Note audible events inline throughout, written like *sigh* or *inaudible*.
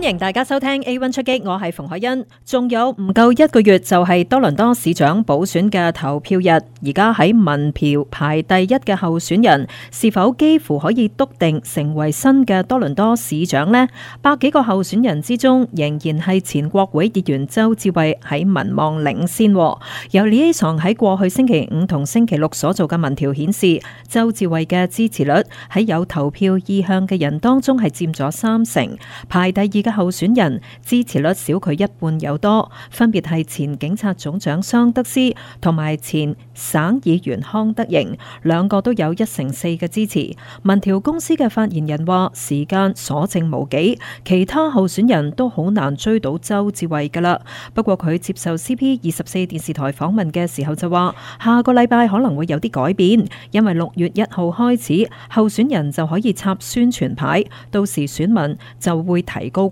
歡迎大家收聽 A one 出擊，我係馮海恩。仲有唔夠一個月就係多倫多市長補選嘅投票日，而家喺民票排第一嘅候選人，是否幾乎可以篤定成為新嘅多倫多市長呢？百幾個候選人之中，仍然係前國會議員鄒至蕙喺民望領先。由李希藏喺過去星期五同星期六所做嘅民調顯示，鄒至蕙嘅支持率喺有投票意向嘅人當中係佔咗三成，排第二。候選人支持率少佢一半有多，分別係前警察總長桑德斯同埋前省議員康德瑩，兩個都有一成四嘅支持。民調公司嘅發言人話：時間所剩無幾，其他候選人都好難追到鄒至蕙噶啦。不過佢接受 CP24 電視台訪問嘅時候就話，下個禮拜可能會有啲改變，因為六月一號開始，候選人就可以插宣傳牌，到時選民就會提高。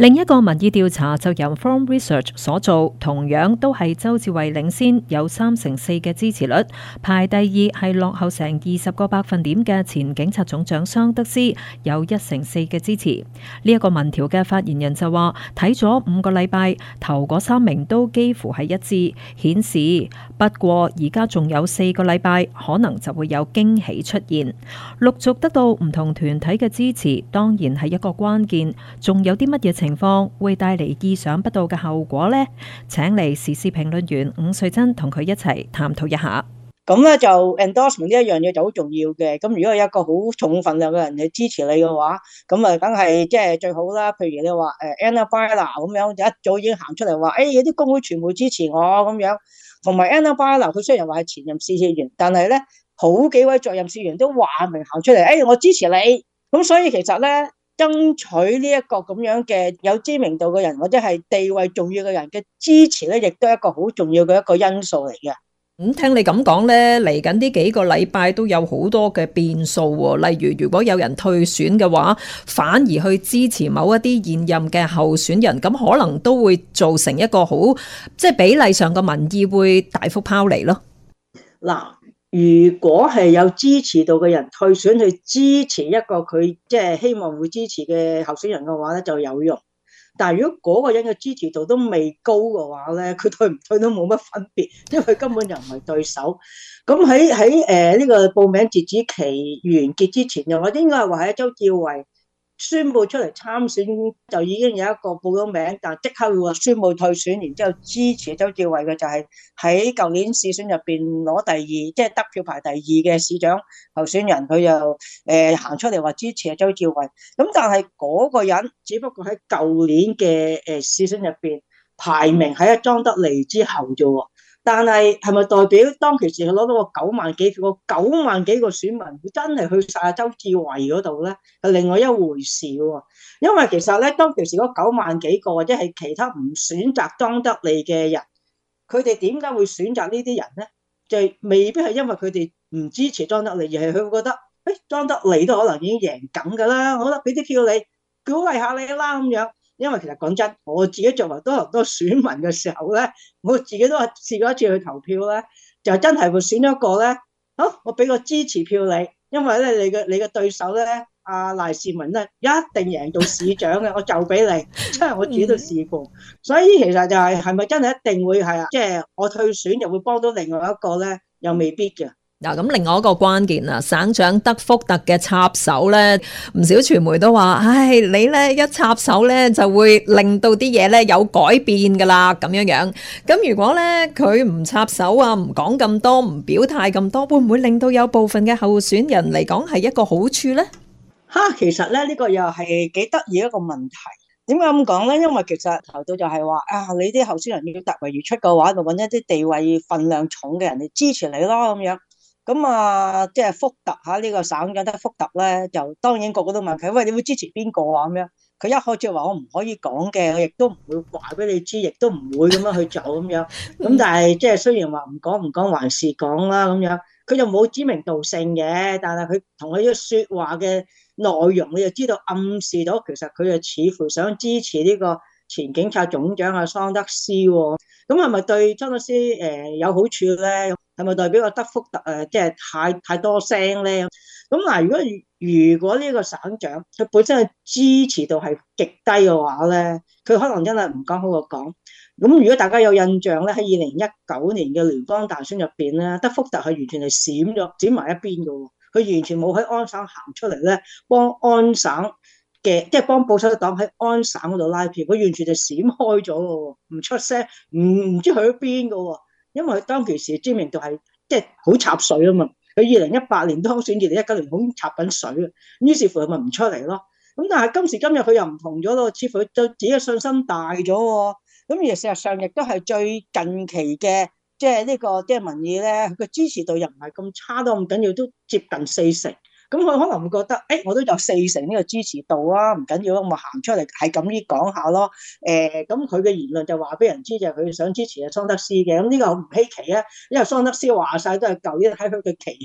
另一個民意調查就由 Form Research 所做，同樣都係鄒至蕙領先，有三成四嘅支持率，排第二係落後成二十個百分點嘅前警察總長桑德斯，有一成四嘅支持。呢、這、一個民調嘅發言人就話：睇咗五個禮拜，頭嗰三名都幾乎係一致顯示，不過而家仲有四個禮拜，可能就會有驚喜出現。陸續得到唔同團體嘅支持，當然係一個關鍵。仲有啲乜嘢情況？情況會帶嚟意想不到嘅後果咧，請嚟時事評論員伍瑞珍同佢一齊探討一下。咁咧就 endorsement 呢一樣嘢就好重要嘅。咁如果有一個好重分量嘅人去支持你嘅話，咁啊梗係即係最好啦。譬如你話誒 Ana Bailão 咁樣，一早已經行出嚟話誒，啲工會全部支持我咁樣。同埋 Ana Bailão 佢雖然話係前任市議員，但係咧好幾位在任市議員都話明行出嚟，誒、哎，我支持你。咁所以其實咧。爭取呢一個咁樣嘅有知名度嘅人或者係地位重要嘅人嘅支持咧，亦都係一個好重要嘅一個因素嚟嘅。咁聽你咁講咧，嚟緊呢幾個禮拜都有好多嘅變數喎。例如，如果有人退選嘅話，反而去支持某一啲現任嘅候選人，咁可能都會造成一個好即係比例上嘅民意會大幅拋離咯。嗱。如果係有支持度嘅人退選去支持一個佢即係希望會支持嘅候選人嘅話咧就有用，但係如果嗰個人嘅支持度都未高嘅話咧，佢退唔退都冇乜分別，因為佢根本就唔係對手。咁喺喺誒呢個報名截止期完結之前，我應該係話係鄒至蕙。宣布出嚟參選就已經有一個報咗名，但即刻話宣布退選，然之後支持周志偉嘅就係喺舊年市選入邊攞第二，即係得票排第二嘅市長候選人，佢就誒行出嚟話支持阿周志偉。咁但係嗰個人只不過喺舊年嘅誒市選入邊排名喺一莊德利之後啫喎。但係係咪代表當其時佢攞到個九萬幾個九萬幾個選民真係去晒鄒至蕙嗰度咧？係另外一回事喎。因為其實咧，當其時嗰九萬幾個或者係其他唔選擇莊德利嘅人，佢哋點解會選擇呢啲人咧？就係未必係因為佢哋唔支持莊德利，而係佢會覺得誒，莊德利都可能已經贏緊噶啦，好啦，俾啲票你，鼓勵下你啦咁樣。因為其實講真，我自己作為多倫多選民嘅時候咧，我自己都試過一次去投票咧，就真係會選咗一個咧，好、啊，我俾個支持票你，因為咧你嘅你嘅對手咧，阿賴志文咧一定贏到市長嘅。 *laughs* 我就俾你，即係我自己都試過，所以其實就係係咪真係一定會係啊？即係我退選就會幫到另外一個咧，又未必嘅。嗱咁，另外一個關鍵啦，省長德福特嘅插手咧，唔少傳媒都話，唉，你咧一插手咧，就會令到啲嘢咧有改變噶啦，咁樣樣。咁如果咧佢唔插手啊，唔講咁多，唔表態咁多，會唔會令到有部分嘅候選人嚟講係一個好處咧？吓，其實咧呢個又係幾得意一個問題。點解咁講咧？因為其實頭度就係話啊，你啲候選人要突圍而出嘅話，就搵一啲地位份量重嘅人嚟支持你咯，咁樣。咁啊，即係福特吓，呢個省長得福特咧，就當然個個都問佢，喂，你會支持邊個啊？咁樣，佢一開始話：「我唔可以講嘅，我亦都唔會話俾你知，亦都唔會咁樣去做咁樣，咁但係即係雖然話唔講，唔講還是講啦咁樣，佢又冇指名道姓嘅，但係佢同佢嘅說話嘅內容，你就知道暗示到其實佢就似乎想支持呢個前警察總長阿桑德斯，咁係咪對桑德斯誒、呃、有好處咧？係咪代表個德福特誒，即係太太多聲咧？咁嗱，如果如果呢個省長佢本身係支持度係極低嘅話咧，佢可能真係唔講好過講。咁如果大家有印象咧，喺二零一九年嘅聯邦大選入邊咧，德福特係完全係閃咗，閃埋一邊嘅喎。佢完全冇喺安省行出嚟咧，幫安省嘅，即係幫保守黨喺安省嗰度拉票。佢完全就閃開咗嘅喎，唔出聲，唔、嗯、唔知去咗邊嘅喎。因為佢當其時知名度係即係好插水啊嘛，佢二零一八年當選，二零一九年好插緊水啊，於是乎佢咪唔出嚟咯。咁但係今時今日佢又唔同咗咯，似乎對自己嘅信心大咗喎。咁而事實上亦都係最近期嘅，即係呢個即係民意咧，佢嘅支持度又唔係咁差都咁緊要，都接近四成。咁佢可能會覺得，誒、欸、我都有四成呢個支持度啦、啊，唔緊要，我咪行出嚟係咁啲講下咯。誒、欸，咁佢嘅言論就話俾人知，就佢、是、想支持阿桑德斯嘅。咁呢個唔稀奇啊，因為桑德斯話晒都係舊年喺佢嘅旗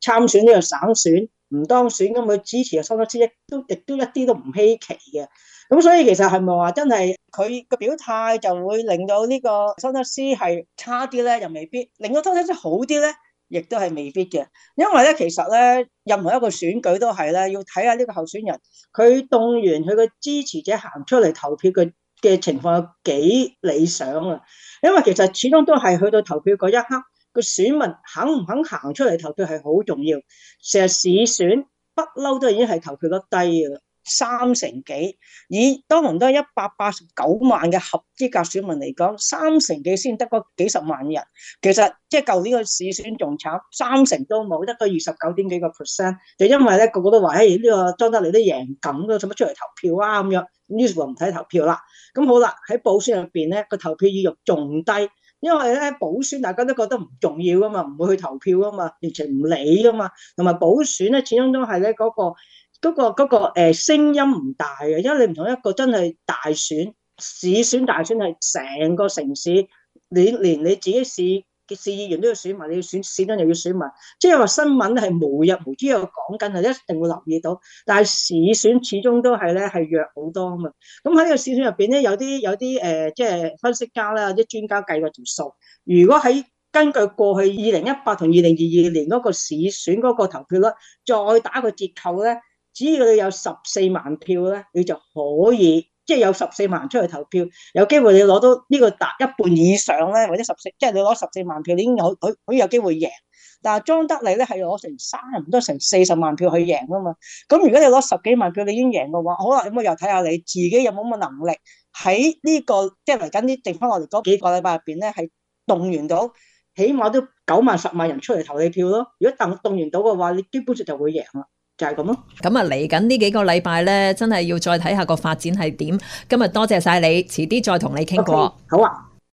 下參選呢個省選，唔當選，咁佢支持阿桑德斯也，亦都亦都一啲都唔稀奇嘅。咁所以其實係咪話真係佢嘅表態就會令到呢個桑德斯係差啲咧，又未必令到桑德斯好啲咧？亦都係未必嘅，因為咧，其實咧，任何一個選舉都係咧，要睇下呢個候選人，佢動員佢嘅支持者行出嚟投票嘅嘅情況有幾理想啊！因為其實始終都係去到投票嗰一刻，個選民肯唔肯行出嚟投票係好重要。成日市選不嬲都已經係投票率低嘅。三成幾，以多倫多一百八十九萬嘅合資格選民嚟講，三成幾先得嗰幾十萬人。其實即係舊年個市選仲慘，三成都冇，得個二十九點幾個 percent。就因為咧個個都話，誒、hey, 呢個莊家嚟都贏咁，都使乜出嚟投票啊？咁樣於是乎唔睇投票啦。咁好啦，喺補選入邊咧，個投票意欲仲低，因為咧補選大家都覺得唔重要啊嘛，唔會去投票啊嘛，完全唔理啊嘛。同埋補選咧，始終都係咧嗰個。嗰、那個嗰、那個聲音唔大嘅，因為你唔同一個真係大選，市選大選係成個城市，你連你自己市嘅市議員都要選埋，你要選市長又要選埋，即係話新聞係無日無之有講緊，係一定會留意到。但係市選始終都係咧，係弱好多啊嘛。咁喺呢個市選入面咧，有啲有啲誒，即係、就是、分析家啦，有啲專家計過條數。如果喺根據過去二零一八同二零二二年嗰個市選嗰個投票率，再打個折扣咧。只要你有十四萬票咧，你就可以，即係有十四萬人出去投票，有機會你攞到呢個達一半以上咧，或者十四，即係你攞十四萬票，你已經好，佢有機會贏。但係莊德利咧係攞成三唔多成四十萬票去贏噶嘛，咁如果你攞十幾萬票你已經贏嘅話，好啦，咁我又睇下你自己有冇咁嘅能力喺呢個，即係嚟緊啲剩返落嚟嗰幾個禮拜入邊咧，係動員到起碼都九萬十萬人出嚟投你票咯。如果動動員到嘅話，你基本上就會贏啦。就係咁咯，咁啊嚟緊呢幾個禮拜咧，真係要再睇下個發展係點。今日多謝晒你，遲啲再同你傾過。Okay. 好啊。